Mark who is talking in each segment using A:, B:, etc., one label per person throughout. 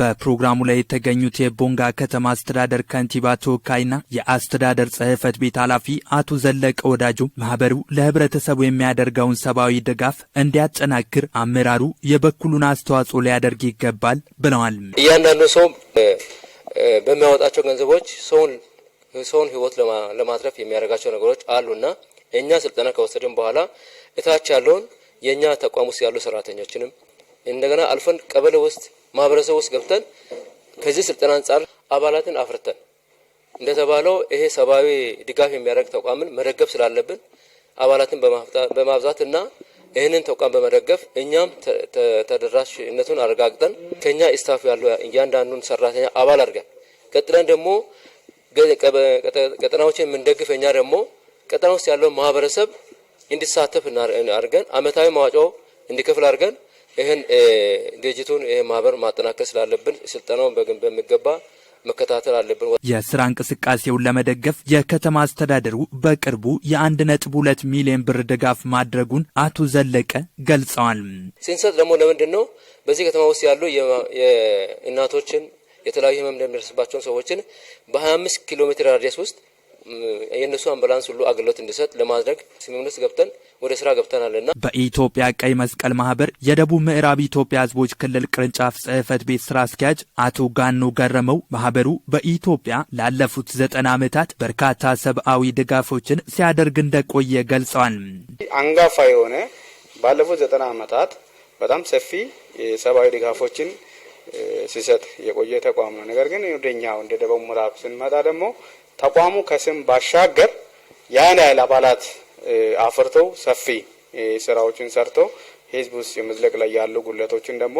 A: በፕሮግራሙ ላይ የተገኙት የቦንጋ ከተማ አስተዳደር ከንቲባ ተወካይና የአስተዳደር ጽህፈት ቤት ኃላፊ አቶ ዘለቀ ወዳጆ ማህበሩ ለህብረተሰቡ የሚያደርገውን ሰብአዊ ድጋፍ እንዲያጠናክር አመራሩ የበኩሉን አስተዋጽኦ ሊያደርግ ይገባል ብለዋል።
B: እያንዳንዱ ሰው በሚያወጣቸው ገንዘቦች ሰውን ህይወት ለማትረፍ የሚያደርጋቸው ነገሮች አሉና እኛ ስልጠና ከወሰድን በኋላ እታች ያለውን የእኛ ተቋም ውስጥ ያሉ ሰራተኞችንም እንደገና አልፈን ቀበሌ ውስጥ ማህበረሰብ ውስጥ ገብተን ከዚህ ስልጠና አንጻር አባላትን አፍርተን እንደተባለው ይሄ ሰብአዊ ድጋፍ የሚያደርግ ተቋምን መደገፍ ስላለብን አባላትን በማብዛትና ይህንን ተቋም በመደገፍ እኛም ተደራሽነቱን አረጋግጠን ከኛ ስታፍ ያለው እያንዳንዱን ሰራተኛ አባል አድርገን ቀጥለን ደግሞ ቀጠናዎችን የምንደግፍ እኛ ደግሞ ቀጠና ውስጥ ያለውን ማህበረሰብ እንዲሳተፍ አድርገን አመታዊ ማዋጮ እንዲከፍል አድርገን ይህን ድርጅቱን ይህ ማህበር ማጠናከር ስላለብን ስልጠናውን በግንብ በሚገባ መከታተል አለብን።
A: የስራ እንቅስቃሴውን ለመደገፍ የከተማ አስተዳደሩ በቅርቡ የአንድ ነጥብ ሁለት ሚሊዮን ብር ድጋፍ ማድረጉን አቶ ዘለቀ ገልጸዋል።
B: ስንሰጥ ደግሞ ለምንድን ነው በዚህ ከተማ ውስጥ ያሉ እናቶችን የተለያዩ ህመም እንደሚደርስባቸውን ሰዎችን በ25 ኪሎ ሜትር ራዲየስ ውስጥ የእነሱ አምቡላንስ ሁሉ አገልግሎት እንዲሰጥ ለማድረግ ስምምነት ገብተን ወደ ስራ ና
A: በኢትዮጵያ ቀይ መስቀል ማህበር የደቡብ ምዕራብ ኢትዮጵያ ህዝቦች ክልል ቅርንጫፍ ጽህፈት ቤት ስራ አስኪያጅ አቶ ጋኖ ገረመው ማህበሩ በኢትዮጵያ ላለፉት ዘጠና ዓመታት በርካታ ሰብአዊ ድጋፎችን ሲያደርግ እንደቆየ ገልጸዋል።
B: አንጋፋ የሆነ ባለፉት ዘጠና ዓመታት በጣም ሰፊ የሰብአዊ ድጋፎችን ሲሰጥ የቆየ ተቋም ነው። ነገር ግን ወደኛው እንደ ደቡብ ምዕራብ ስንመጣ ደግሞ ተቋሙ ከስም ባሻገር ያን ያህል አባላት አፍርተው ሰፊ ስራዎችን ሰርተው ህዝብ ውስጥ የመዝለቅ ላይ ያሉ ጉለቶችን ደግሞ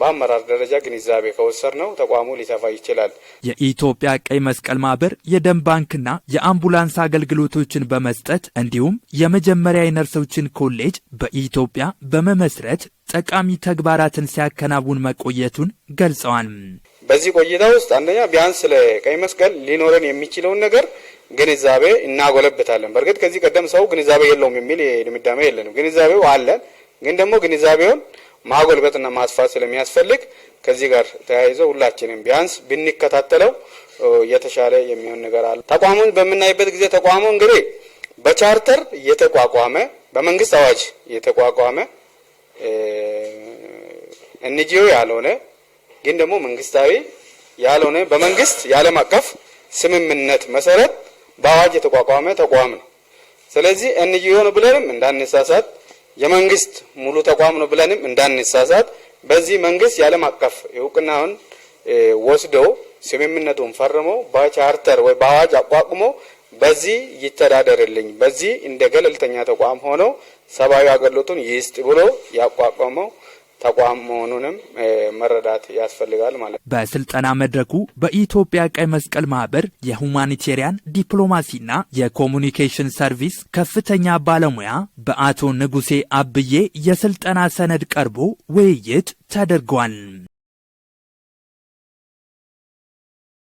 B: በአመራር ደረጃ ግንዛቤ ከወሰድ ነው ተቋሙ ሊሰፋ ይችላል።
A: የኢትዮጵያ ቀይ መስቀል ማህበር የደም ባንክና የአምቡላንስ አገልግሎቶችን በመስጠት እንዲሁም የመጀመሪያ የነርሶችን ኮሌጅ በኢትዮጵያ በመመስረት ጠቃሚ ተግባራትን ሲያከናውን መቆየቱን ገልጸዋል።
B: በዚህ ቆይታ ውስጥ አንደኛ ቢያንስ ስለ ቀይ መስቀል ሊኖረን የሚችለውን ነገር ግንዛቤ እናጎለብታለን። በእርግጥ ከዚህ ቀደም ሰው ግንዛቤ የለውም የሚል ድምዳሜ የለንም። ግንዛቤው አለን፣ ግን ደግሞ ግንዛቤውን ማጎልበትና ማስፋት ስለሚያስፈልግ ከዚህ ጋር ተያይዘው ሁላችንም ቢያንስ ብንከታተለው የተሻለ የሚሆን ነገር አለ። ተቋሙን በምናይበት ጊዜ ተቋሙ እንግዲህ በቻርተር የተቋቋመ በመንግስት አዋጅ የተቋቋመ ኤንጂኦ ያልሆነ ግን ደግሞ መንግስታዊ ያልሆነ በመንግስት የዓለም አቀፍ ስምምነት መሰረት በአዋጅ የተቋቋመ ተቋም ነው። ስለዚህ ኤንጂኦ ነው ብለንም እንዳንሳሳት፣ የመንግስት ሙሉ ተቋም ነው ብለንም እንዳንሳሳት። በዚህ መንግስት የዓለም አቀፍ እውቅናውን ወስዶ ስምምነቱን ፈርሞ በቻርተር ወይ በአዋጅ አቋቁሞ በዚህ ይተዳደርልኝ በዚህ እንደ ገለልተኛ ተቋም ሆኖ ሰብአዊ አገልግሎቱን ይስጥ ብሎ ያቋቋመው ተቋም መሆኑንም መረዳት ያስፈልጋል ማለት ነው።
A: በስልጠና መድረኩ በኢትዮጵያ ቀይ መስቀል ማህበር የሁማኒቴሪያን ዲፕሎማሲና የኮሙኒኬሽን ሰርቪስ ከፍተኛ ባለሙያ በአቶ ንጉሴ አብዬ የስልጠና ሰነድ ቀርቦ ውይይት ተደርጓል።